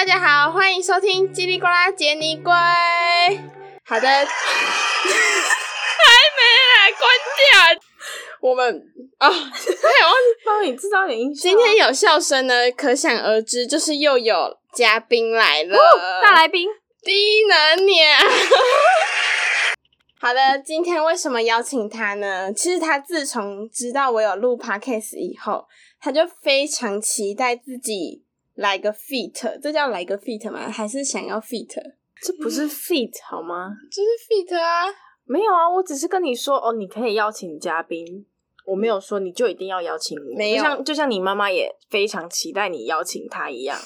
大家好，歡迎收聽《嘰里呱啦傑尼龜》。好的，還沒來關掉。我們啊，還有忘記幫你制造點音。今天有笑聲呢，可想而知，就是又有嘉賓來了。哦、大來賓，低能鳥。好的，今天為什麼邀請他呢？其實他自從知道我有錄 podcast 以後，他就非常期待自己。來、like、個 feat，這叫來、like、個 feat 嗎？還是想要 feat？這不是 feat 好嗎？這 是 feat 啊！沒有啊，我只是跟你說哦，你可以邀請嘉賓，我沒有說你就一定要邀請我，沒就像就像你媽媽也非常期待你邀請她一樣。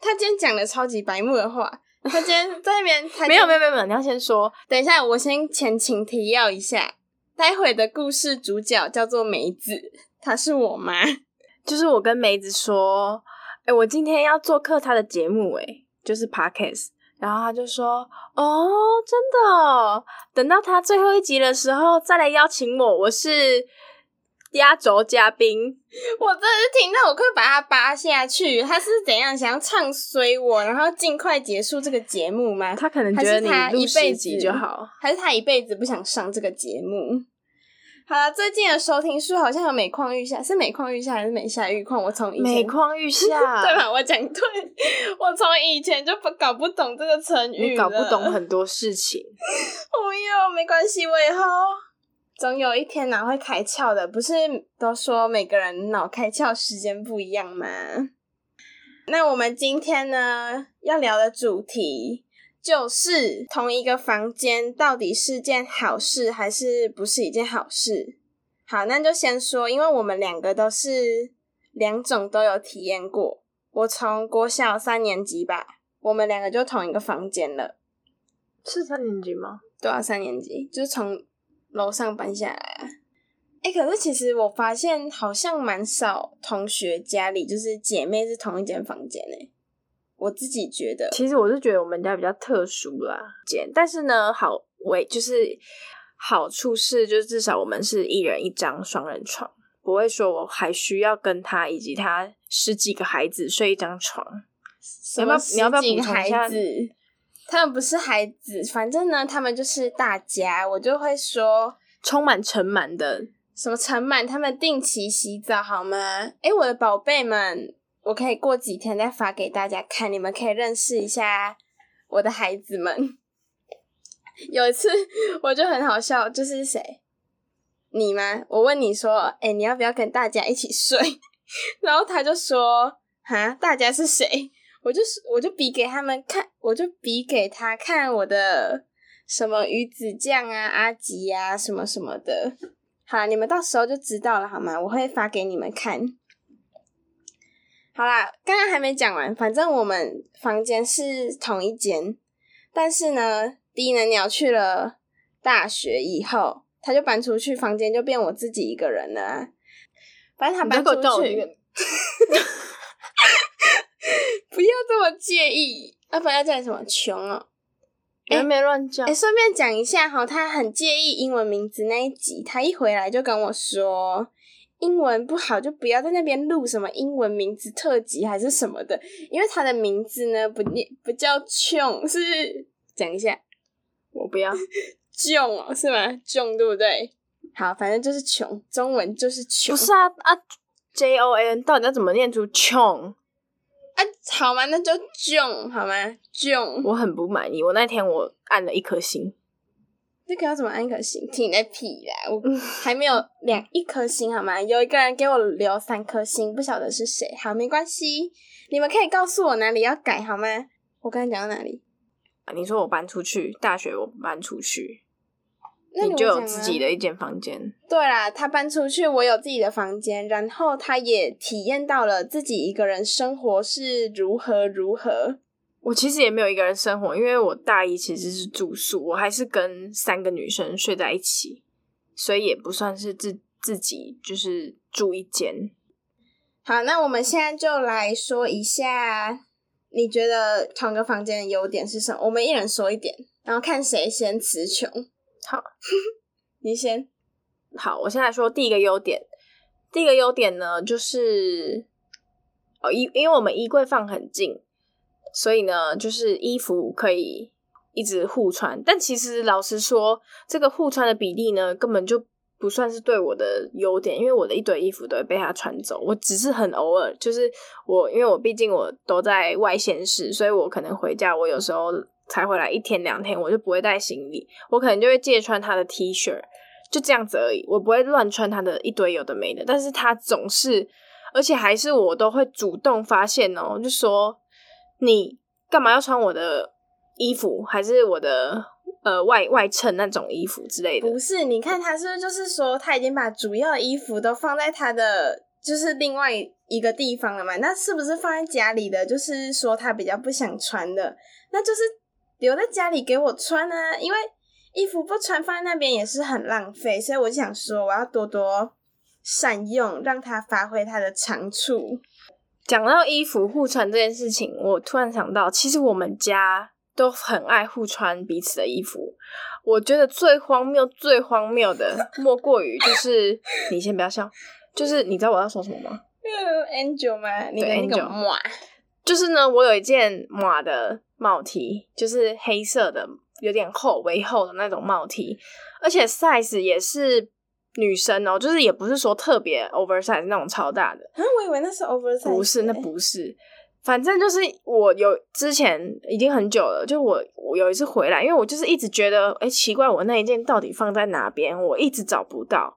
她今天講了超級白目的話，她今天在那邊， 沒有沒有沒有，沒有，你要先說，等一下我先前情提要一下，待會的故事主角叫做梅子，她是我媽，就是我跟梅子說。誒、欸、我今天要做客他的節目、欸，誒就是 podcast，然後他就說，哦，真的哦，等到他最後一集的時候再來邀請我，我是壓軸嘉賓。我真的是聽到，我快把他扒下去！他是怎樣想唱衰我，然後儘快結束這個節目嗎？他可能覺得你一輩子就好，還是他一輩子不想上這個節目？好了，最近的收聽數好像有每況愈下，是每況愈下還是每下愈況？我從以前每況愈下， 對吧？我講對，我從以前就不搞不懂這個成語，搞不懂很多事情。哦， 喲，沒關係，我以後總有一天哪、啊、會開竅的，不是都說每個人腦開竅時間不一樣嗎？那我們今天呢要聊的主題。就是同一個房間，到底是件好事還是不是一件好事？好，那就先說，因為我們兩個都是兩種都有體驗過。我從國小三年級吧，我們兩個就同一個房間了。是三年級嗎？對啊，三年級就是從樓上搬下來啊。誒，可是其實我發現好像蠻少同學家裡就是姐妹是同一間房間誒。我自己覺得，其實我是覺得我們家比較特殊啦，簡。但是呢，好，我也就是好處是，就是至少我們是一人一張雙人床，不會說我還需要跟他以及他十幾個孩子睡一張床。什麼？你要不要，你要不要補充一下？孩子？他們不是孩子，反正呢，他們就是大家。我就會說，充滿塵蟎的什麼塵蟎？他們定期洗澡好嗎？哎，我的寶貝們。我可以過幾天再發給大家看，你們可以認識一下我的孩子們。有一次我就很好笑，就是誰？你嗎？我問你說，哎、欸，你要不要跟大家一起睡？ 然後他就說，哈，大家是誰？我就我就比給他們看，我就比給他看我的什麼魚子醬啊，阿吉啊，什麼什麼的。好，你們到時候就知道了好嗎？我會發給你們看。好啦，剛剛還沒講完，反正我們房間是同一間，但是呢，低能鳥去了大學以後，他就搬出去房間，房間就變我自己一個人了、啊。反正他搬出去，不要， 不要這麼介意，啊，不要叫什麼窮哦，有沒亂叫？順、欸欸、便講一下哈，他很介意英文名字那一集，他一回來就跟我說。英文不好就不要在那邊錄什麼英文名字特輯還是什麼的，因為他的名字呢，不念不叫瓊是，講一下，我不要瓊 是嗎？瓊對不對？好，反正就是窮，中文就是窮。不是啊啊，J O N 到底要怎麼念出瓊啊？好嗎？那就瓊好嗎？瓊，我很不滿意。我那天我按了一顆星。這個要怎麼按一顆星，聽你的屁啦！我還沒有兩一顆星，好嗎？有一個人給我留三顆星，不曉得是誰。好，沒關係，你們可以告訴我哪裡要改好嗎？我剛才講到哪裡、啊？你說我搬出去，大學我搬出去，那啊、你就有自己的一間房間。對啦，他搬出去，我有自己的房間，然後他也體驗到了自己一個人生活是如何如何。我其實也沒有一個人生活，因為我大一其實是住宿，我還是跟三個女生睡在一起，所以也不算是自自己就是住一間。好，那我們現在就來說一下，你覺得同個房間的優點是什麼？我們一人說一點，然後看誰先詞窮。好， 你先。好，我先來說第一個優點。第一個優點呢，就是哦，衣因為我們衣櫃放很近。所以呢，就是衣服可以一直互穿，但其實老實說，這個互穿的比例呢，根本就不算是對我的優點，因為我的一堆衣服都會被他穿走。我只是很偶爾，就是我因為我畢竟我都在外縣市，所以我可能回家，我有時候才回來一天兩天，我就不會帶行李，我可能就會借穿他的 T 恤，就這樣子而已。我不會亂穿他的一堆有的沒的，但是他總是，而且還是我都會主動發現哦，就說。你幹嘛要穿我的衣服，還是我的呃外外襯那種衣服之類的？不是，你看他是，是就是說他已經把主要的衣服都放在他的就是另外一個地方了嘛？那是不是放在家裡的？就是說他比較不想穿的，那就是留在家裡給我穿呢、啊？因為衣服不穿放在那邊也是很浪費，所以我想說我要多多善用，讓他發揮他的長處。講到衣服互穿這件事情，我突然想到，其實我們家都很愛互穿彼此的衣服。我覺得最荒謬、最荒謬的，莫過於就是 你先不要笑，就是你知道我要說什麼嗎？Angel 嗎？你的、Angel、那個馬？就是呢，我有一件馬的帽 T，就是黑色的，有點厚、微厚的那種帽 T，而且 size 也是。女生哦，就是也不是說特別 oversize 那種超大的，啊，我以為那是 oversize 不是，那不是，反正就是我有之前已經很久了，就我我有一次回來，因為我就是一直覺得，欸，奇怪，我那一件到底放在哪邊，我一直找不到，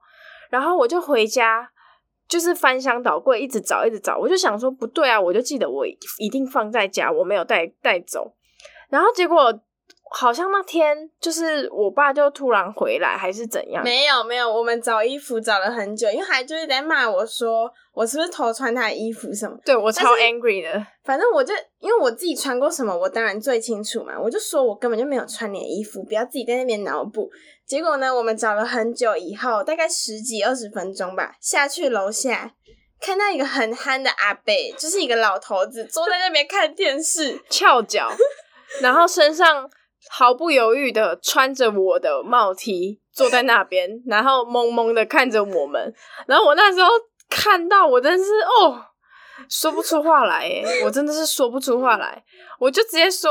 然後我就回家，就是翻箱倒櫃，一直找，一直找，我就想說不對啊，我就記得我一定放在家，我沒有帶帶走，然後結果。好像那天就是我爸就突然回來還是怎樣？沒有沒有，我們找衣服找了很久，因為還就是在罵我說我是不是偷穿他的衣服什麼？對，我超 angry 的。反正我就因為我自己穿過什麼，我當然最清楚嘛。我就說我根本就沒有穿你的衣服，不要自己在那邊腦補。結果呢，我們找了很久以後，大概十幾二十分鐘吧，下去樓下看到一個很憨的阿伯，就是一個老頭子坐在那邊看電視翹腳， 然後身上。 毫不猶豫的穿着我的帽 T 坐在那邊，然後懵懵的看着我們。然後我那時候看到，我真是哦，說不出話來誒，我真的是說不出話來。我就直接說，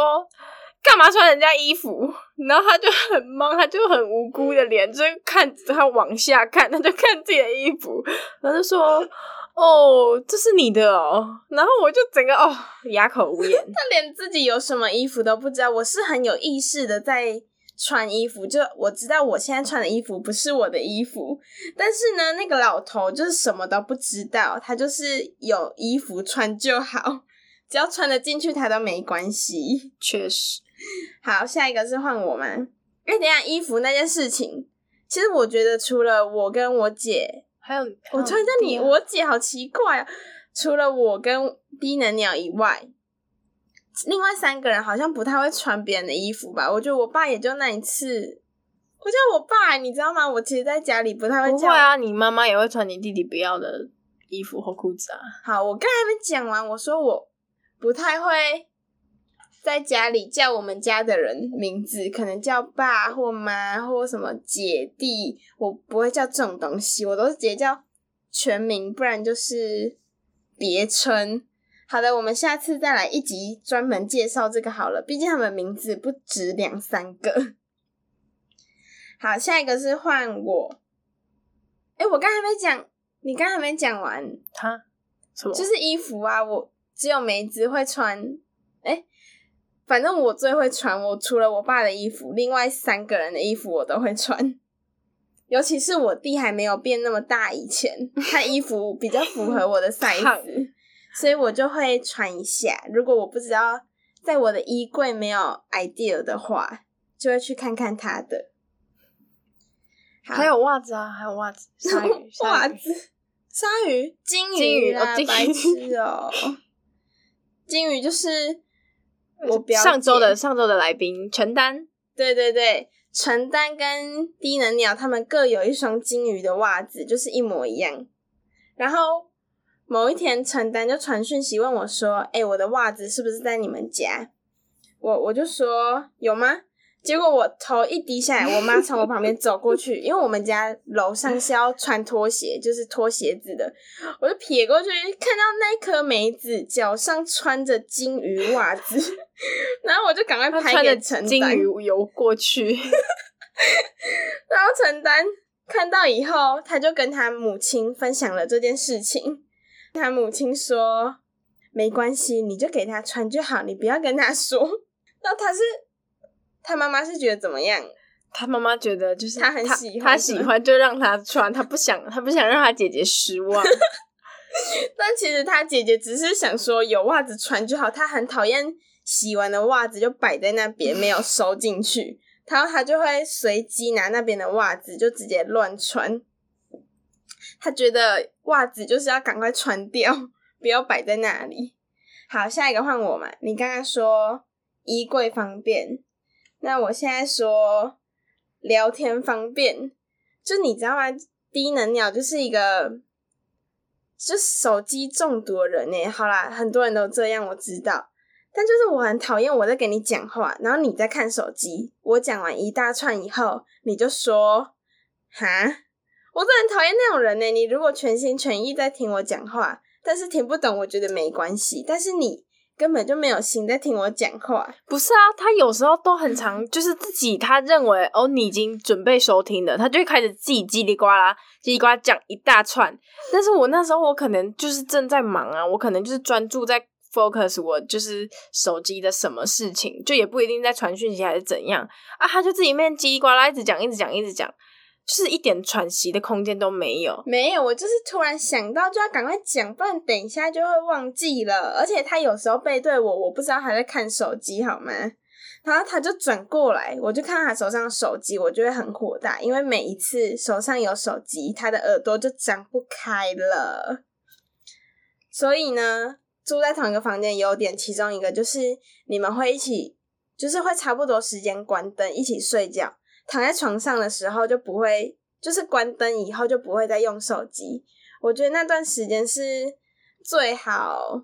幹嘛穿人家衣服？然後他就很懵，他就很無辜的臉，就看他往下看，他就看自己的衣服，他就說。哦，這是你的哦，然後我就整個哦啞口無言。 他連自己有什麼衣服都不知道。我是很有意識的在穿衣服，就我知道我現在穿的衣服不是我的衣服。但是呢，那個老頭就是什麼都不知道，他就是有衣服穿就好，只要穿得進去，他都沒關係。確實，好，下一個是換我們。因為等下衣服那件事情，其實我覺得除了我跟我姐。還有,還有，我穿在你、啊，我姐好奇怪啊。除了我跟低能鳥以外，另外三個人好像不太會穿別人的衣服吧？我覺得我爸也就那一次。我叫我爸、欸，你知道嗎？我其實在家裡不太會。穿，不會啊，你媽媽也會穿你弟弟不要的衣服和褲子啊。好，我剛才沒講完。我說我不太會。在家裡叫我們家的人名字，可能叫爸或媽或什麼姐弟，我不會叫這種東西，我都是直接叫全名，不然就是別稱。好的，我們下次再來一集專門介紹這個好了，畢竟他們名字不止兩三個。好，下一個是換我，哎、欸，我剛才沒講，你剛才沒講完，他什麼？就是衣服啊，我只有梅子會穿。反正我最會穿我，我除了我爸的衣服，另外三個人的衣服我都會穿。尤其是我弟還沒有變那麼大以前，他衣服比較符合我的 size， 所以我就會穿一下。如果我不知道在我的衣櫃沒有 idea 的話，就會去看看他的。還有襪子啊，還有襪子，鯊魚襪子，鯊魚，鯨魚啊，白痴哦，鯨 魚就是。我不要上周的上周的來賓陳丹，對對對，陳丹跟低能鳥他們各有一雙金魚的襪子，就是一模一樣。然後某一天，陳丹就傳訊息問我說：“哎、欸，我的襪子是不是在你們家？”我我就說有嗎？結果我頭一低下來，我媽從我旁邊走過去， 因為我們家樓上是要穿拖鞋，就是拖鞋子的，我就撇過去看到那顆梅子腳上穿着金魚襪子。 然後我就趕快拍給陳丹，他穿了金魚游過去， 然後陳丹看到以後，他就跟他母親分享了這件事情。他母親說：“沒關係，你就給他穿就好，你不要跟他說。”那他是他媽媽是覺得怎麼樣？他媽媽覺得就是他，他很喜歡他喜歡，就讓他穿。他不想他不想讓他姐姐失望。 但其實他姐姐只是想說有襪子穿就好，他很討厭。洗完的襪子就擺在那邊，沒有收進去，然後他就會隨機拿那邊的襪子，就直接亂穿。他覺得襪子就是要趕快穿掉，不要擺在那裡。好，下一個換我嘛。你剛剛說衣櫃方便，那我現在說聊天方便。就你知道嗎？低能鳥就是一個就手機中毒的人耶。好啦，很多人都這樣，我知道。但就是我很討厭我在給你講話，然後你在看手機。我講完一大串以後，你就說：“哈，我真的很討厭那種人呢、欸。”你如果全心全意在聽我講話，但是聽不懂，我覺得沒關係。但是你根本就沒有心在聽我講話。不是啊，他有時候都很常就是自己他認為哦，你已經準備收聽了，他就會開始自己嘰里呱啦、嘰里呱啦講一大串。但是我那時候我可能就是正在忙啊，我可能就是專注在。focus，我就是手機的什麼事情，就也不一定在傳訊息還是怎樣啊，他就自己面嘰里呱啦一直講一直講一直講，就是一點喘息的空間都沒有。沒有，我就是突然想到就要趕快講，不然等一下就會忘記了。而且他有時候背對我，我不知道他在看手機好嗎？然後他就轉過來，我就看他手上的手機，我就會很火大，因為每一次手上有手機，他的耳朵就張不開了。所以呢？住在同一個房間的優點，其中一個就是你們會一起，就是會差不多時間關燈一起睡覺，躺在床上的時候就不會，就是關燈以後就不會再用手機。我覺得那段時間是最好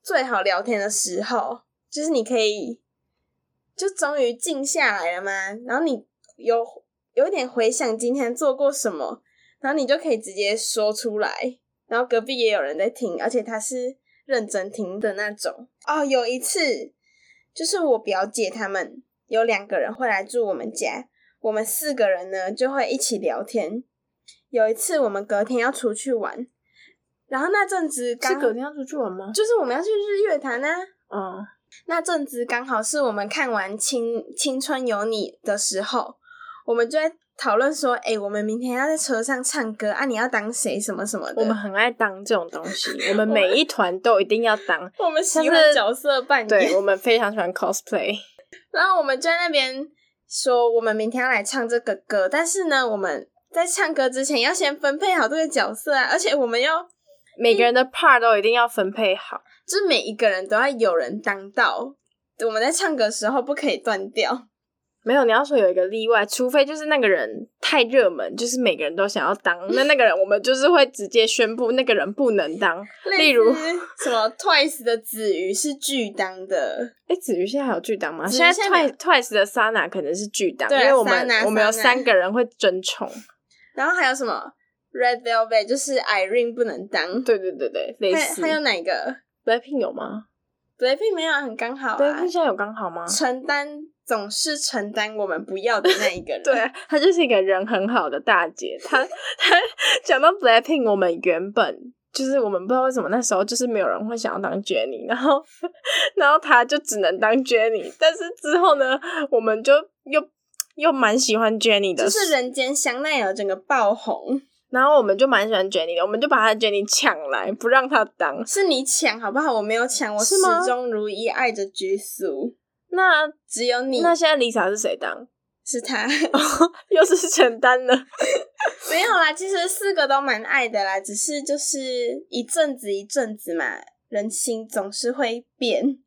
最好聊天的時候，就是你可以就終於靜下來了嘛，然後你有有一點回想今天做過什麼，然後你就可以直接說出來，然後隔壁也有人在聽，而且他是。認真聽的那種哦。有一次，就是我表姐她們有兩個人會來住我們家，我們四個人呢就會一起聊天。有一次，我們隔天要出去玩，然後那陣子剛是隔天要出去玩嗎？就是我們要去日月潭啊。嗯，那陣子剛好是我們看完青，《青春有你》的時候，我們就在，討論說，哎、欸，我們明天要在車上唱歌啊！你要當誰什麼什麼的？我們很愛當這種東西，我們每一團都一定要當是。 我們喜歡角色扮演，對，我們非常喜歡 cosplay。然後我們就在那邊說，我們明天要來唱這個歌，但是呢，我們在唱歌之前要先分配好這個角色啊，而且我們要、嗯、每個人的 part 都一定要分配好，就是每一個人都要有人當到。我們在唱歌時候不可以斷掉。沒有，你要說有一個例外，除非就是那個人太熱門，就是每個人都想要當。那那個人，我們就是會直接宣布那個人不能當。 例如什麼 Twice 的子瑜是巨當的。誒、欸、子瑜現在還有巨當嗎？現在,現在, Twice, 現在 Twice 的 Sana 可能是巨當，對啊、因為我們 Sana, 我們有三個人會爭寵。然後還有什麼 Red Velvet 就是 Irene 不能當。對對對對，類似，還有哪一個 Blackpink 有嗎 Blackpink 沒有、啊，很剛好、啊。Blackpink 現在有剛好嗎？承擔。總是承擔我們不要的那一個人， 對啊，她就是一個人很好的大姐。她她講到 BLACKPINK，我們原本就是我們不知道為什麼那時候就是沒有人會想要當 Jennie，然後然後她就只能當 Jennie，但是之後呢，我們就又又蠻喜歡 Jennie 的，就是人間香奈兒整個爆紅，然後我們就蠻喜歡 Jennie 的，我們就把她 Jennie 搶來，不讓她當，是你搶好不好？我沒有搶，我始終如一愛着 Jisoo 那隻有你。那現在 Lisa 是誰當？是她， 又是承擔了。 沒有啦，其實四個都蠻愛的啦，只是就是一陣子一陣子嘛，人心總是會變。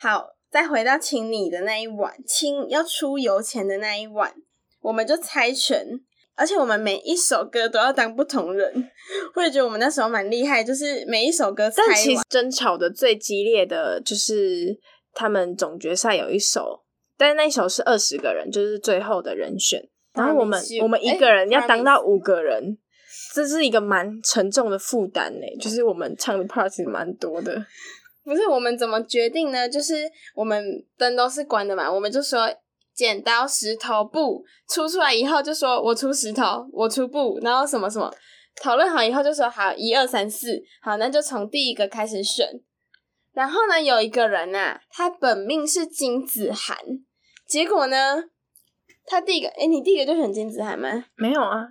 好，再回到請你的那一晚，請要出遊前的那一晚，我們就猜拳，而且我們每一首歌都要當不同人。我也覺得我們那時候蠻厲害，就是每一首歌猜完，但其實爭吵的最激烈的就是。他們總決賽有一首，但那首是二十個人，就是最後的人選。然後我們我們一個人要當到五個人，這是一個蠻沉重的負擔呢。就是我們唱的 part 也蠻多的。不是，我們怎麼決定呢？就是我們燈都是關的嘛，我們就說剪刀石頭布出出來以後，就說我出石頭，我出布，然後什麼什麼討論好以後，就說好一二三四，1, 2, 3, 4, 好那就從第一個開始選。然後呢，有一個人吶、啊，他本命是金子涵，結果呢，他第一個，哎，你第一個就選金子涵嗎？沒有啊，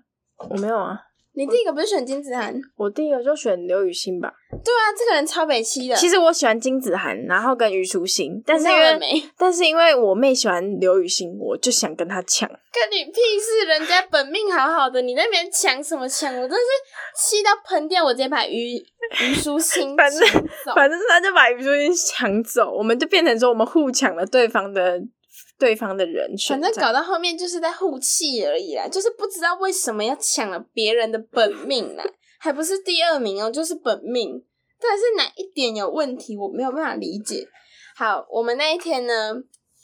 我沒有啊。你第一個不是選金子涵，我，我第一個就選劉雨昕吧。對啊，這個人超北七的。其實我喜歡金子涵，然後跟虞書欣，但是因為，但是因為我妹喜歡劉雨昕，我就想跟她搶。跟你屁事！人家本命好好的，你那邊搶什麼搶？我真是氣到噴掉，我直接把虞虞書欣搶走。反正，反正他就把虞書欣搶走，我們就變成說我們互搶了對方的。對方的人選，反正搞到後面就是在護氣而已啦，就是不知道為什麼要搶了別人的本命啊，還不是第二名哦、喔，就是本命，但是哪一點有問題，我沒有辦法理解。好，我們那一天呢，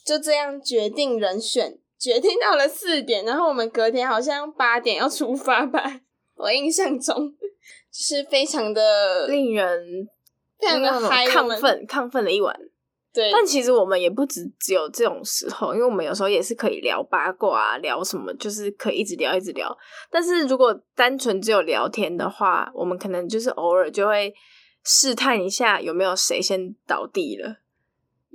就這樣決定人選，決定到了四點，然後我們隔天好像八點要出發吧，我印象中、就是非常的令人，非常的嗨，亢奮，亢奮了一晚。但其實我們也不只只有這種時候，因為我們有時候也是可以聊八卦，啊，聊什麼就是可以一直聊一直聊。但是如果單純只有聊天的話，我們可能就是偶爾就會試探一下有沒有誰先倒地了。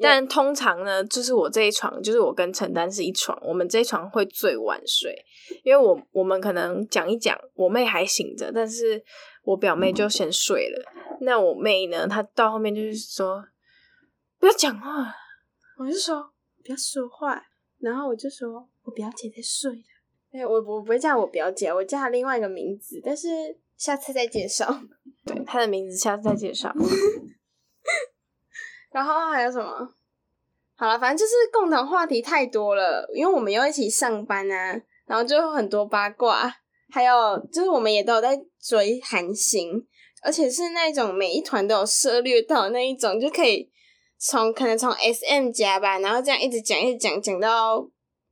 但通常呢，就是我這一床，就是我跟陳丹是一床，我們這一床會最晚睡，因為我我們可能講一講，我妹還醒着，但是我表妹就先睡了。那我妹呢，她到後面就是說。不要講話，我就說不要說話。然後我就說，我表姐在睡了。哎，我我不會叫我表姐，我叫她另外一個名字。但是下次再介紹，對，她的名字下次再介紹。 然後還有什麼？好了，反正就是共同話題太多了，因為我們又一起上班啊，然後就很多八卦，還有就是我們也都有在追韓星，而且是那種每一團都有涉獵到那一種，就可以。從可能從 S M 家吧，然後這樣一直講一直講講到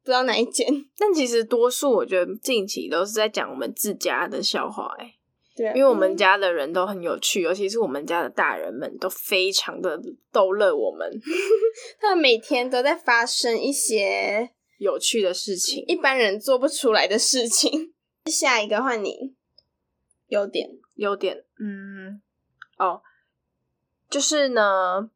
不知道哪一間。但其實多數我覺得近期都是在講我們自家的笑話哎、欸，對、啊，因為我們家的人都很有趣，尤其是我們家的大人們都非常的逗樂我們。 他們每天都在發生一些有趣的事情，一般人做不出來的事情。 下一個換你，優點，優點，嗯，哦，就是呢。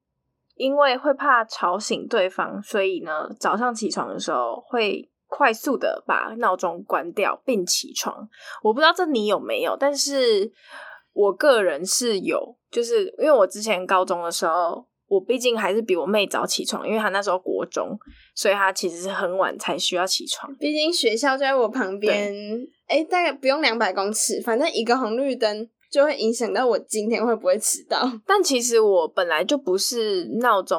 因為會怕吵醒對方，所以呢，早上起床的時候會快速的把鬧鐘關掉並起床。我不知道這你有沒有，但是我個人是有，就是因為我之前高中的時候，我畢竟還是比我妹早起床，因為她那時候國中，所以她其實是很晚才需要起床。畢竟學校就在我旁邊，哎、欸，大概不用兩百公尺，反正一個紅綠燈。就會影響到我今天會不會遲到？但其實我本來就不是鬧鐘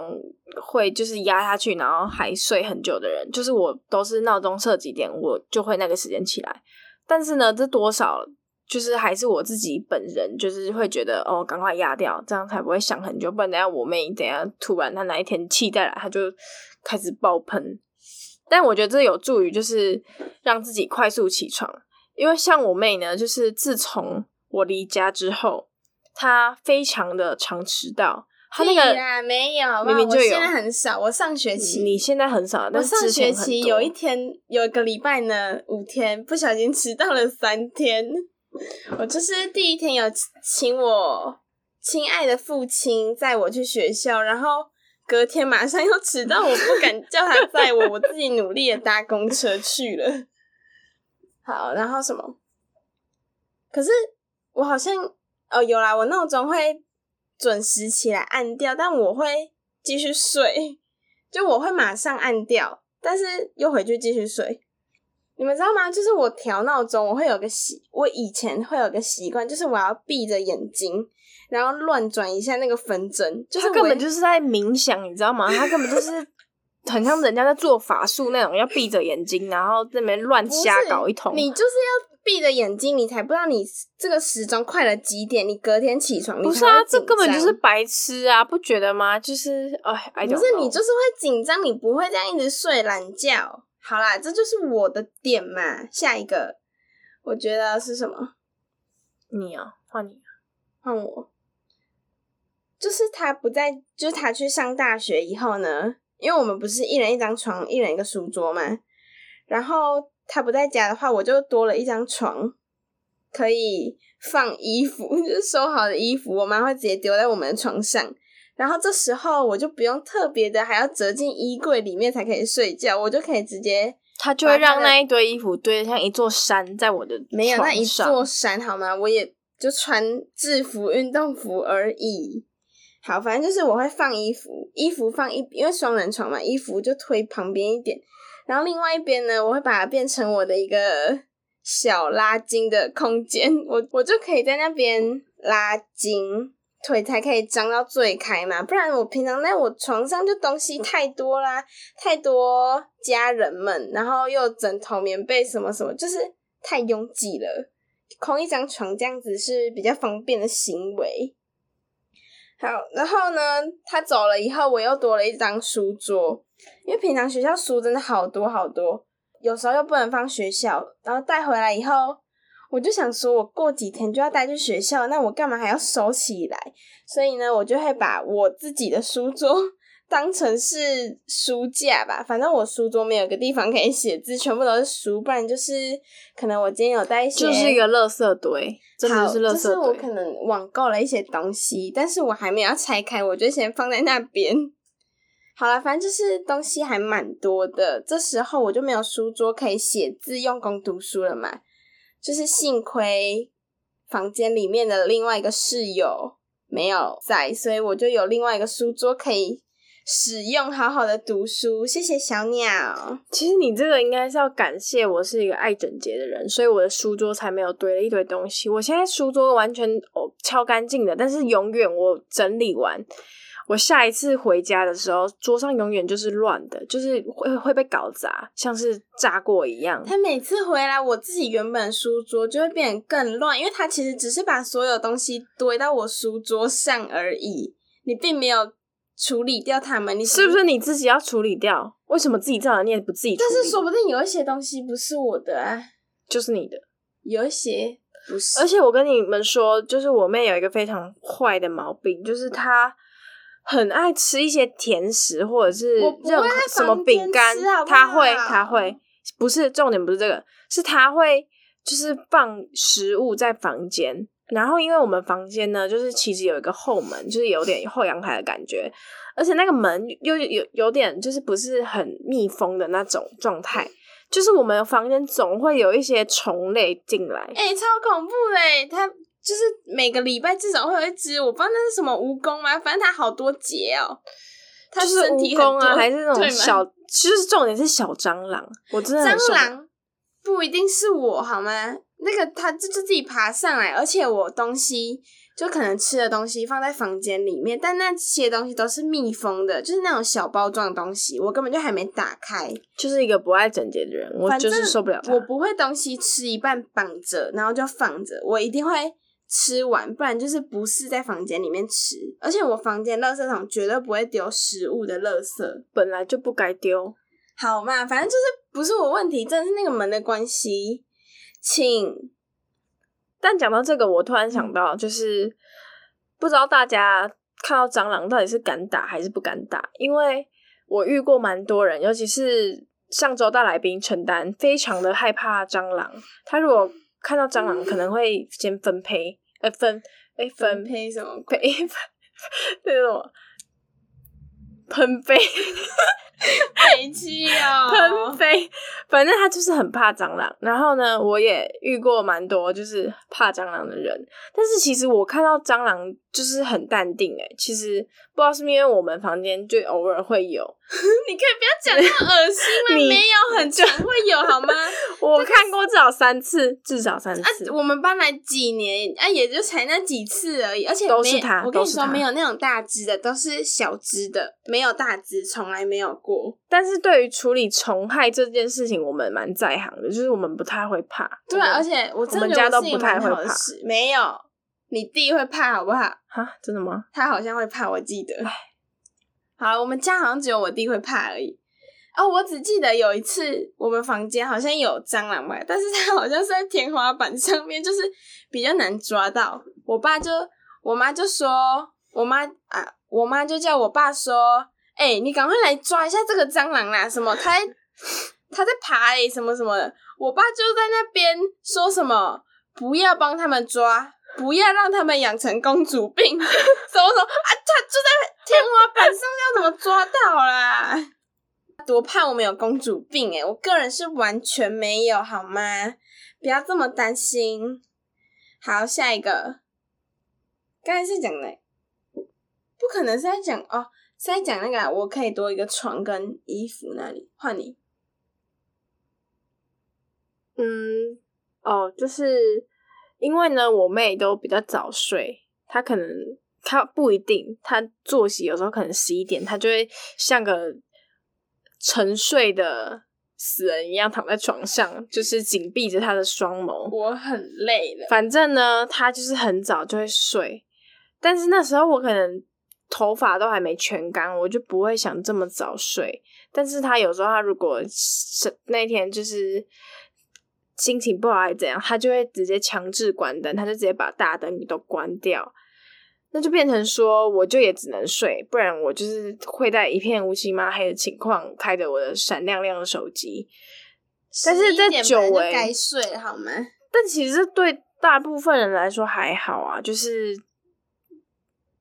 會就是壓下去，然後還睡很久的人。就是我都是鬧鐘設幾點，我就會那個時間起來。但是呢，這多少就是還是我自己本人就是會覺得哦，趕快壓掉，這樣才不會響很久。不然等下我妹等一下突然她哪一天氣大了，她就開始爆噴。但我覺得這有助於就是讓自己快速起床，因為像我妹呢，就是自從。我離家之後，他非常的常遲到。他那個沒有，明明就有。我現在很少。我上學期你現在很少，我上學期、嗯、上學期有一天有一個禮拜呢，五天不小心遲到了三天。我就是第一天有請我親愛的父親載我去學校，然後隔天馬上又遲到，我不敢叫他載我， 我自己努力的搭公車去了。好，然後什麼？可是。我好像哦，有啦。我鬧鐘會準時起來按掉，但我會繼續睡。就我會馬上按掉，但是又回去繼續睡。你們知道嗎？就是我調鬧鐘，我會有個習，我以前會有個習慣，就是我要閉着眼睛，然後亂轉一下那個分針，就是它根本就是在冥想，你知道嗎？他根本就是很像人家在做法術那種，要閉着眼睛，然後在那邊亂瞎搞一通。你就是要。閉着眼睛，你才不知道你這個時鐘快了幾點，你隔天起床，不是啊，這根本就是白痴啊，不覺得嗎？就是哎，oh, 不是你就是會緊張，你不會這樣一直睡懶覺。好啦，這就是我的點嘛。下一個，我覺得是什麼？你啊、哦，換你，換我。就是他不在，就是他去上大學以後呢，因為我們不是一人一張床，一人一個書桌嘛，然後。他不在家的話，我就多了一張床，可以放衣服，就是收好的衣服，我媽會直接丟在我們的床上。然後這時候我就不用特別的，還要折進衣櫃裡面才可以睡覺，我就可以直接他。他就會讓那一堆衣服堆得像一座山在我的，沒有，那一座山好嗎？我也就穿制服、運動服而已。好，反正就是我會放衣服，衣服放一，因為雙人床嘛，衣服就推旁邊一點。然後另外一邊呢，我會把它變成我的一個小拉筋的空間，我我就可以在那邊拉筋，腿才可以張到最開嘛。不然我平常在我床上就東西太多啦，太多家人們，然後又枕頭、棉被什麼什麼，就是太擁擠了。空一張床這樣子是比較方便的行為。好，然後呢，他走了以後，我又多了一張書桌。因為平常學校書真的好多好多，有時候又不能放學校，然後帶回來以後，我就想說，我過幾天就要帶去學校，那我幹嘛還要收起來？所以呢，我就會把我自己的書桌當成是書架吧。反正我書桌沒有個地方可以寫字，全部都是書，不然就是可能我今天有帶一些，就是一個垃圾堆，真的是，是垃圾堆。就是我可能網購了一些東西，但是我還沒有拆開，我就先放在那邊。好了，反正就是東西還蠻多的。這時候我就沒有書桌可以寫字、用功讀書了嘛。就是幸虧房間裡面的另外一個室友沒有在，所以我就有另外一個書桌可以使用，好好的讀書。謝謝小鳥。其實你這個應該是要感謝我是一個愛整潔的人，所以我的書桌才沒有堆了一堆東西。我現在書桌完全哦敲乾淨的，但是永遠我整理完。我下一次回家的時候，桌上永遠就是亂的，就是會會被搞砸，像是炸過一樣。他每次回來，我自己原本書桌就會變得更亂，因為他其實只是把所有東西堆到我書桌上而已，你並沒有處理掉它們。你是不是你自己要處理掉？為什麼自己造的孽不自己？但是說不定有一些東西不是我的，啊。就是你的。有一些不是。而且我跟你們說，就是我妹有一個非常壞的毛病，就是她。很愛吃一些甜食，或者是任何什麼餅乾，他會，他會，不是重點，不是這個，是他會就是放食物在房間，然後因為我們房間呢，就是其實有一個後門，就是有點後陽台的感覺，而且那個門又有有，有點就是不是很密封的那種狀態，就是我們房間總會有一些蟲類進來，哎、欸，超恐怖誒、欸、他。就是每個禮拜至少會有一隻，我不知道那是什麼蜈蚣啊，反正它好多節哦、喔，它身體是蜈蚣啊，還是那種小。其實重點是小蟑螂，我真的蟑螂不一定是我好嗎？那個它就就自己爬上來，而且我東西就可能吃的東西放在房間裡面，但那些東西都是密封的，就是那種小包裝的東西，我根本就還沒打開。就是一個不愛整潔的人，我就是受不了。我不會東西吃一半綁着，然後就放着，我一定會。吃完，不然就是不是在房間裡面吃。而且我房間垃圾桶絕對不會丟食物的垃圾，本來就不該丟。好嘛，反正就是不是我問題，真的是那個門的關係，請。但講到這個，我突然想到，就是不知道大家看到蟑螂到底是敢打還是不敢打？因為我遇過蠻多人，尤其是上周大來賓陳丹，非常的害怕蟑螂。他如果看到蟑螂可能會先分配，呃，分，哎分配什麼配那種噴飛沒去哦，噴飛，反正他就是很怕蟑螂。然後呢，我也遇過蠻多就是怕蟑螂的人。但是其實我看到蟑螂就是很淡定誒、欸。其實不知道是不是因為我們房間就偶爾會有。 你可以不要講那麼噁心嗎？ 沒有，很常會有好嗎？ 我看過至少三次，至少三次。啊、我們搬來幾年，啊，也就才那幾次而已。而且都是他，我跟你說，沒有那種大隻的，都是小隻的，沒有大隻，從來沒有過。但是，對於處理蟲害這件事情，我們蠻在行的，就是我們不太會怕。對、啊，而且我，我們家都不太會怕，沒有。你弟會怕，好不好？哈，真的嗎？他好像會怕，我記得。好，我們家好像只有我弟會怕而已。哦，我只記得有一次，我們房間好像有蟑螂吧，但是他好像是在天花板上面，就是比較難抓到。我爸就我媽就說，我媽啊，我媽就叫我爸說。哎、欸，你趕快來抓一下這個蟑螂啦！什麼，它，它在爬、欸、什麼什麼的？我爸就在那邊說什麼，不要幫他們抓，不要讓他們養成公主病，什麼什麼啊？他住在天花板上，要怎麼抓到啦？多怕我們有公主病哎、欸！我個人是完全沒有好嗎？不要這麼擔心。好，下一個，剛才是講的，不可能是在講哦。現在講那個、啊，我可以多一個床跟衣服那裡換你。嗯，哦，就是因為呢，我妹都比較早睡，她可能她不一定，她作息有時候可能十一點，她就會像個沉睡的死人一樣躺在床上，就是緊閉着她的雙眸。我很累了，反正呢，她就是很早就會睡，但是那時候我可能。頭髮都還沒全乾，我就不會想這麼早睡。但是他有時候他如果是那天就是心情不好還怎樣，他就會直接強制關燈，他就直接把大燈都關掉，那就變成說我就也只能睡，不然我就是會在一片烏漆嘛黑的情況開着我的閃亮亮的手機。但是在久、欸、該睡好嗎？但其實對大部分人來說還好啊，就是。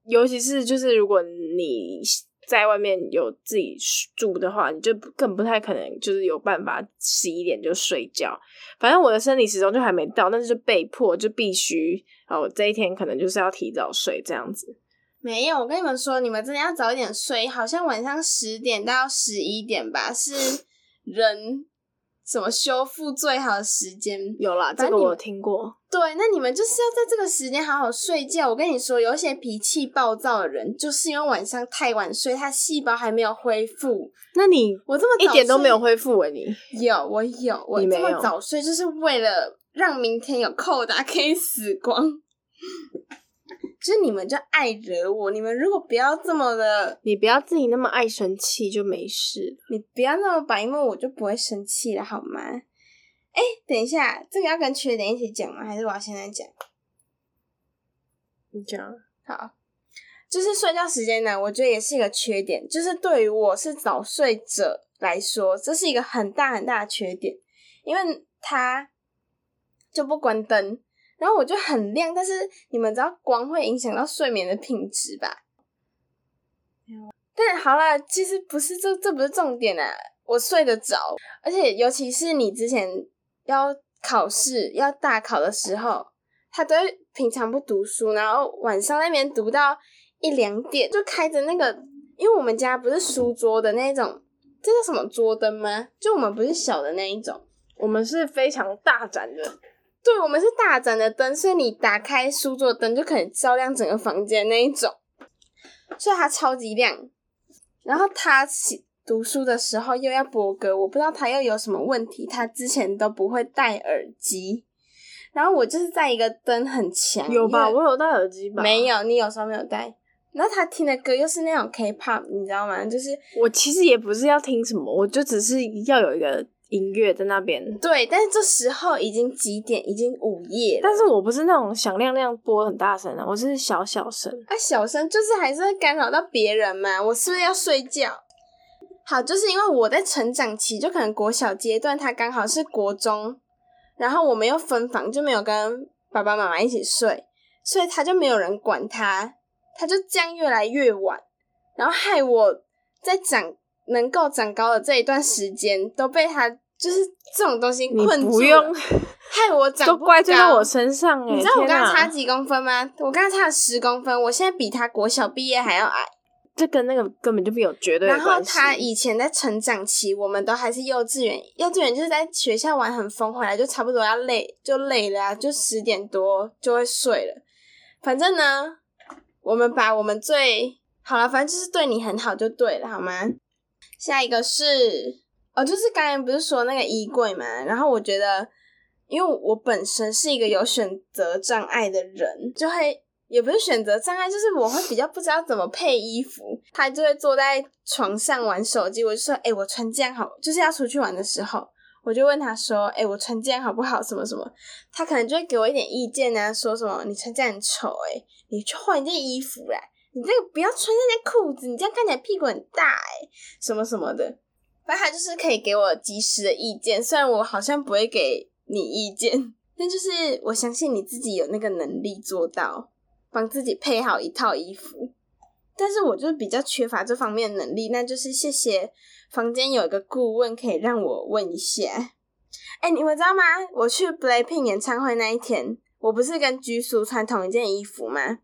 尤其是就是如果你在外面有自己住的話，你就更不太可能就是有辦法十一點就睡覺。反正我的生理時鐘就還沒到，但是就被迫就必須，哦，這一天可能就是要提早睡這樣子。沒有，我跟你們說，你們真的要早一點睡，好像晚上十點到十一點吧，是人。什麼修復最好的時間？有啦，你這個我有聽過。對，那你們就是要在這個時間好好睡覺。我跟你說，有些脾氣暴躁的人，就是因為晚上太晚睡，他細胞還沒有恢復。那你我這麼早一點都沒有恢復啊？你有我有，我這麼早睡，就是為了讓明天有扣打可以死光。是你們就愛惹我，你們如果不要這麼的，你不要自己那麼愛生氣就沒事。你不要那麼白目，因為我就不會生氣了，好嗎？哎、欸，等一下，這個要跟缺點一起講嗎？還是我要現在講？你講。好，就是睡覺時間呢，我覺得也是一個缺點，就是對於我是早睡者來說，這是一個很大很大的缺點，因為他就不關燈。然後我就很亮，但是你們知道光會影響到睡眠的品質吧？但好啦，其實不是這，這不是重點啊。我睡得着，而且尤其是你之前要考試、要大考的時候，他都平常不讀書，然後晚上那邊讀到一兩點，就開着那個，因為我們家不是書桌的那種，這叫什麼桌燈嗎？就我們不是小的那一種，我們是非常大盞的。對，我們是大盞的燈，所以你打開書桌燈就可以照亮整個房間那一種，所以它超級亮。然後他讀書的時候又要播歌，我不知道他又有什麼問題。他之前都不會戴耳機，然後我就是在一個燈很強，有吧？有，我有戴耳機吧？沒有，你有時候沒有戴。那他聽的歌又是那種 K-pop，你知道嗎？就是我其實也不是要聽什麼，我就只是要有一個。音樂在那邊，對，但是這時候已經幾點？已經午夜了。但是我不是那種響亮亮播很大聲的，啊，我是小小聲。哎、啊，小聲就是還是會干擾到別人嘛。我是不是要睡覺？好，就是因為我在成長期，就可能國小階段，他剛好是國中，然後我們又分房，就沒有跟爸爸媽媽一起睡，所以他就沒有人管他，他就這樣越來越晚，然後害我在長。能夠長高的這一段時間都被他就是這種東西困住不用，害我長不高都怪罪到我身上、欸，你知道我剛剛差幾公分嗎？啊、我剛剛差了十公分，我現在比他國小畢業還要矮，嗯。這跟那個根本就沒有絕對的關係。然後他以前在成長期，我們都還是幼稚園，幼稚園就是在學校玩很瘋，回來就差不多要累，就累了啊，就十點多就會睡了。反正呢，我們把我們最好了，反正就是對你很好就對了，好嗎？下一個是，哦，就是剛才不是說那個衣櫃嘛，然後我覺得，因為我本身是一個有選擇障礙的人，就會也不是選擇障礙，就是我會比較不知道怎麼配衣服。他就會坐在床上玩手機，我就說，哎、欸，我穿這樣好，就是要出去玩的時候，我就問他說，哎、欸，我穿這樣好不好？什麼什麼？他可能就會給我一點意見啊，說什麼你穿這樣很醜，哎，你去換件衣服來。你這個不要穿那件褲子，你這樣看起來屁股很大哎、欸，什麼什麼的。反正就是可以給我及時的意見，雖然我好像不會給你意見，但就是我相信你自己有那個能力做到，幫自己配好一套衣服。但是我就比較缺乏這方面能力，那就是謝謝房間有一個顧問可以讓我問一下。哎、欸，你們知道嗎？我去 BLACKPINK 演唱會那一天，我不是跟居叔穿同一件衣服嗎？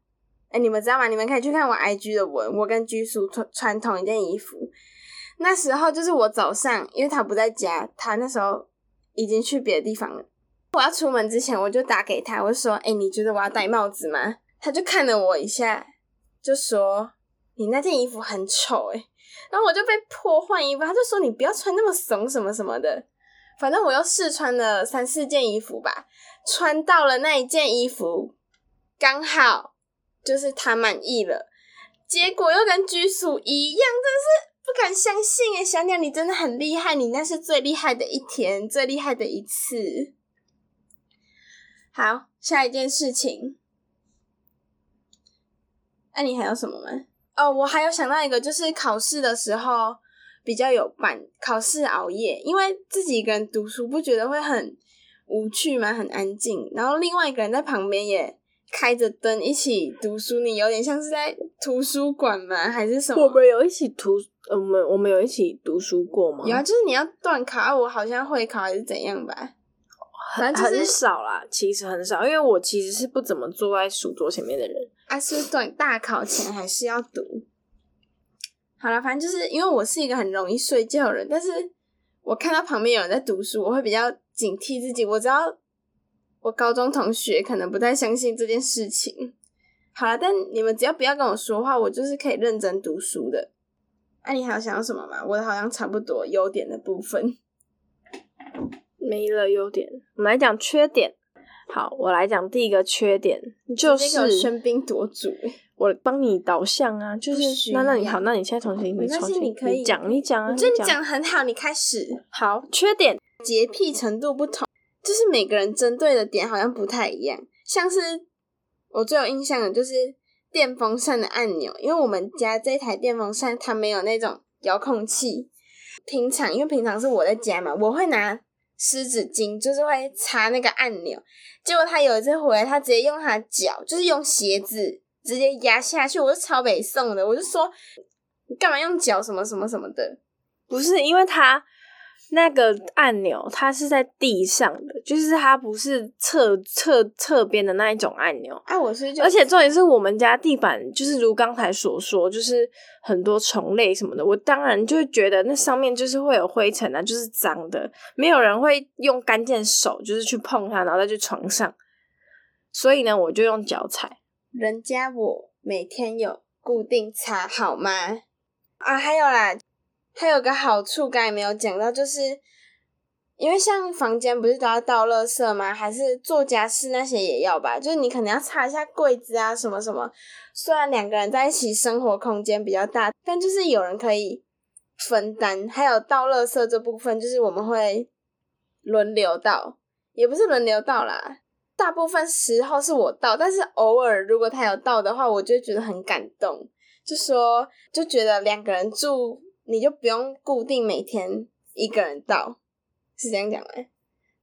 哎、欸，你們知道嗎？你們可以去看我 IG 的文，我跟居叔穿穿同一件衣服。那時候就是我早上，因為他不在家，他那時候已經去別的地方了。我要出門之前，我就打給他，我就說：“哎、欸，你覺得我要戴帽子嗎？”他就看了我一下，就說：“你那件衣服很醜，誒。”然後我就被迫換衣服，他就說：“你不要穿那麼慫什麼什麼的。”反正我又試穿了三四件衣服吧，穿到了那一件衣服，剛好。就是他滿意了，結果又跟居鼠一樣，真是不敢相信哎、欸！小鳥，你真的很厲害，你那是最厲害的一天，最厲害的一次。好，下一件事情，那、啊、你還有什麼嗎？哦，我還有想到一個，就是考試的時候比較有伴，考試熬夜，因為自己一個人讀書不覺得會很無趣嗎？很安靜，然後另外一個人在旁邊也。開着燈一起讀書，你有點像是在圖書館嗎？還是什麼？我們有一起讀，我們我們有一起讀書過嗎？有啊，就是你要段考，我好像會考，還是怎樣吧？很很少啦，其實很少，因為我其實是不怎麼坐在書桌前面的人。啊，是段大考前還是要讀？好了，反正就是因為我是一個很容易睡覺的人，但是我看到旁邊有人在讀書，我會比較警惕自己，我知道。我高中同學可能不太相信這件事情。好啦，但你們只要不要跟我說話，我就是可以認真讀書的。哎、啊，你還好，想要什麼嗎？我的好像差不多優點的部分沒了。優點，我們來講缺點。好，我來講第一個缺點，就是喧賓奪主。我幫你導向啊，就是，是那那你好，那你現在同學，你重新，沒你講，你講，你講、啊，你講很好，你開始。好，缺點，潔癖程度不同。就是每個人針對的點好像不太一樣，像是我最有印象的就是電風扇的按鈕，因為我們家這台電風扇它沒有那種遙控器，平常因為平常是我在家嘛，我會拿濕紙巾就是會擦那個按鈕，結果他有一次回來，他直接用他腳就是用鞋子直接壓下去，我就超北送的，我就說你幹嘛用腳什麼什麼什麼的，不是因為他。那個按鈕它是在地上的，就是它不是側側側邊的那一種按鈕。啊我是，而且重點是我們家地板就是如剛才所說，就是很多蟲類什麼的，我當然就會覺得那上面就是會有灰塵啊，就是髒的，沒有人會用乾淨手就是去碰它，然後再去床上。所以呢，我就用腳踩。人家我每天有固定擦好嗎？啊，還有啦。還有個好處，剛才沒有講到，就是因為像房間不是都要倒垃圾嗎？還是做家事那些也要吧？就是你可能要擦一下櫃子啊，什麼什麼。雖然兩個人在一起生活空間比較大，但就是有人可以分擔，還有倒垃圾這部分，就是我們會輪流倒，也不是輪流倒啦，大部分時候是我倒，但是偶爾如果他有倒的話，我就覺得很感動，就說就覺得兩個人住。你就不用固定每天一個人到，是這樣講哎。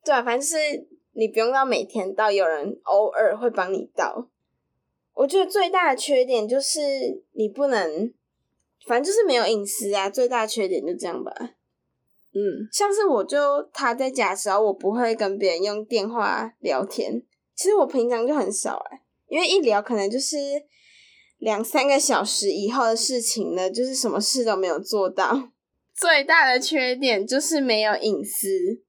對啊，反正是你不用到每天到，有人偶爾會幫你到。我覺得最大的缺點就是你不能，反正就是沒有隱私啊。最大的缺點就這樣吧。嗯，像是我就他在家的時候，我不會跟別人用電話聊天。其實我平常就很少哎、啊，因為一聊可能就是。兩三個小時以後的事情呢，就是什麼事都沒有做到。最大的缺點就是沒有隱私。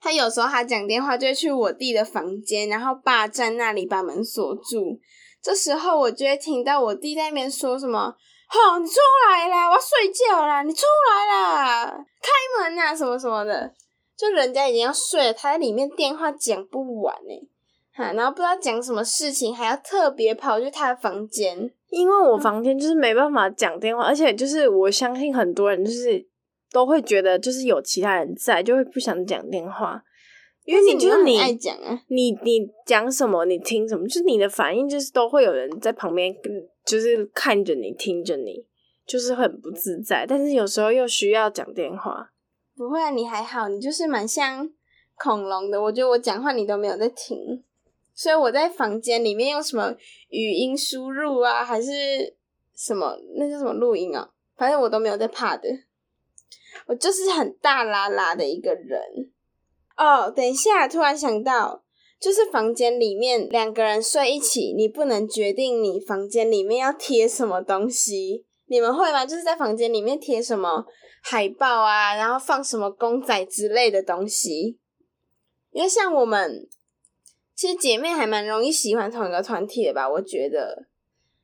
他有時候他講電話就會去我弟的房間，然後霸占那裡，把門鎖住。這時候我就會聽到我弟在那邊說什麼：“哼，你出來啦，我要睡覺啦，你出來啦，開門啊，什麼什麼的。”就人家已經要睡了，他在裡面電話講不完呢。啊、然後不知道講什麼事情，還要特別跑去他的房間，因為我房間就是沒辦法講電話，嗯、而且就是我相信很多人就是都會覺得就是有其他人在就會不想講電話，因為你就是你愛講啊，你你，你講什麼你聽什麼，就是、你的反應就是都會有人在旁邊跟就是看着你聽着你，就是很不自在，但是有時候又需要講電話，不會、啊，你還好，你就是蠻像恐龍的，我覺得我講話你都沒有在聽。所以我在房間裡面用什麼語音輸入啊，還是什麼那是什麼錄音啊？反正我都沒有在怕的，我就是很大剌剌的一個人。哦，等一下，突然想到，就是房間裡面兩個人睡一起，你不能決定你房間裡面要貼什麼東西。你們會嗎？就是在房間裡面貼什麼海報啊，然後放什麼公仔之類的東西，因為像我們。其實姐妹還蠻容易喜歡同一個團體的吧，我覺得。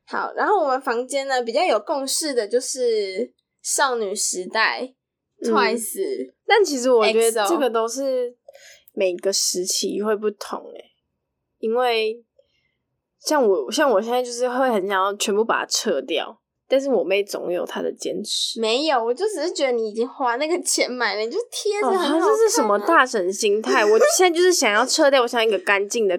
好，然後我們房間呢，比較有共識的，就是少女時代、嗯、Twice。但其實我覺得這個都是每個時期會不同誒、欸，因為像我像我現在就是會很想要全部把它撤掉。但是我妹總有她的堅持。沒有，我就只是覺得你已經花那個錢買了，你就貼着、啊哦。他這是什麼大神心態？ 我現在就是想要撤掉，我想要一個乾淨的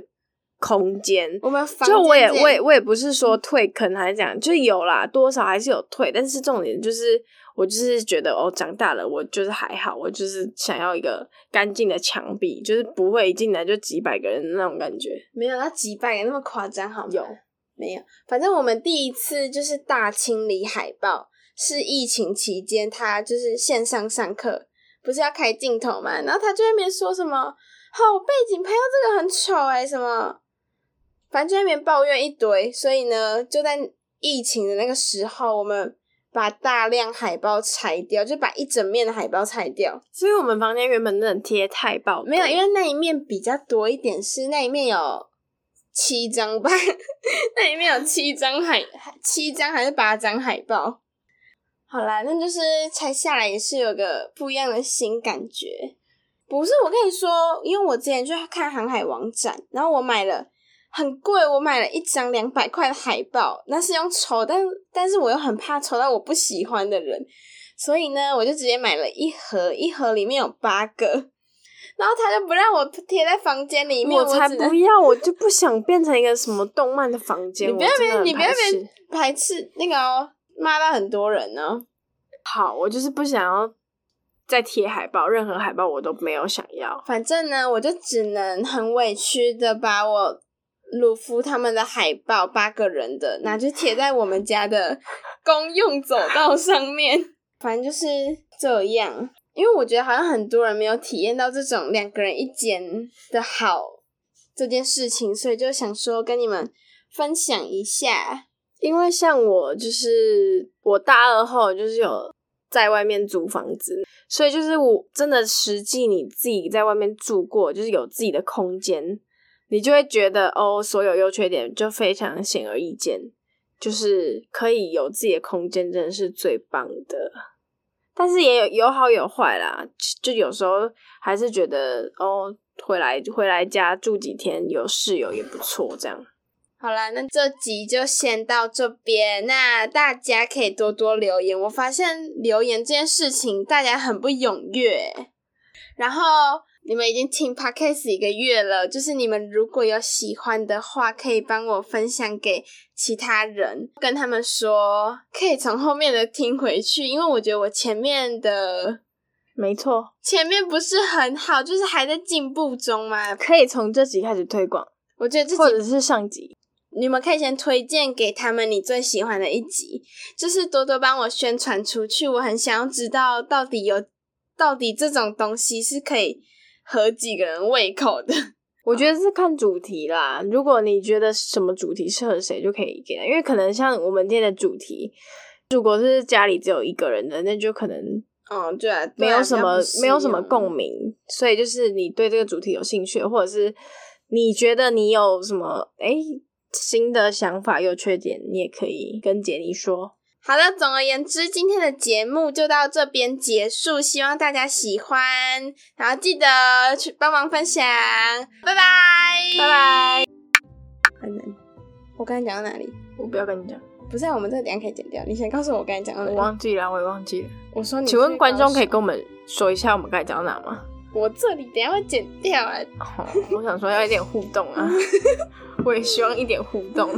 空間。我們間間就我也我也我也不是說退坑還是怎樣，就有啦，多少還是有退。但是重點就是，我就是覺得哦，長大了，我就是還好，我就是想要一個乾淨的牆壁，就是不會一進來就幾百個人的那種感覺。沒有，那幾百人那麼誇張好嗎？有。沒有，反正我們第一次就是大清理海報，是疫情期間，他就是線上上課，不是要開鏡頭嘛？然後他就那邊說什麼，好背景拍到這個很醜哎、欸，什麼，反正就那邊抱怨一堆，所以呢，就在疫情的那個時候，我們把大量海報拆掉，就把一整面的海報拆掉。所以我們房間原本那種貼太爆，沒有，因為那一面比較多一點，是那一面有。七張吧， 那裡面有七張海，七張還是八張海報？好啦，那就是拆下來也是有個不一樣的新感覺。不是我跟你說，因為我之前去看航海王展，然後我買了很貴，我買了一張兩百塊的海報，那是用抽，但但是我又很怕抽到我不喜歡的人，所以呢，我就直接買了一盒，一盒裡面有八個。然後他就不讓我貼在房間裡面，才我才不要，我就不想變成一個什麼動漫的房間。 你不要別，你不要別排斥那個哦，罵到很多人呢、哦。好，我就是不想要再貼海報，任何海報我都沒有想要。反正呢，我就只能很委屈的把我魯夫他們的海報八個人的、嗯，那就貼在我們家的公用走道上面。 反正就是這樣。因為我覺得好像很多人沒有體驗到這種兩個人一間的好這件事情，所以就想說跟你們分享一下。因為像我就是我大二後就是有在外面租房子，所以就是我真的實際你自己在外面住過，就是有自己的空間，你就會覺得哦，所有優缺點就非常顯而易見，就是可以有自己的空間，真的是最棒的。但是也有有好有壞啦，就有時候還是覺得哦，回來回來家住幾天有室友也不錯。這樣，好啦，那這集就先到這邊，那大家可以多多留言。我發現留言這件事情大家很不踴躍，欸，然後。你們已經聽 Podcast 一個月了，就是你們如果有喜歡的話，可以幫我分享給其他人，跟他們說，可以從後面的聽回去，因為我覺得我前面的，沒錯，前面不是很好，就是還在進步中嘛，可以從這集開始推廣，我覺得這或者是上集，你們可以先推薦給他們你最喜歡的一集，就是多多幫我宣傳出去，我很想要知道到底有到底這種東西是可以和幾個人胃口的，我覺得是看主題啦。Oh. 如果你覺得什麼主題適合誰，就可以給，因為可能像我們今天的主題，如果是家裡只有一個人的，那就可能，嗯、oh, 啊，對、啊，沒有什麼，沒有什麼共鳴。所以就是你對這個主題有興趣，或者是你覺得你有什麼，哎、欸，新的想法，有缺點，你也可以跟杰妮說。好了，總而言之，今天的節目就到這邊結束，希望大家喜歡，然後記得去幫忙分享，拜拜，拜拜。很、啊、難，我剛才講到哪裡？我不要跟你講，不是、啊、我們這等下可以剪掉。你先告訴我我剛才講到哪裡？我忘記了，我也忘記了。我說你，請問觀眾可以跟我們說一下我們該講到哪嗎？我這裡等一下會剪掉啊。哦、我想說要一點互動啊， 我也希望一點互動。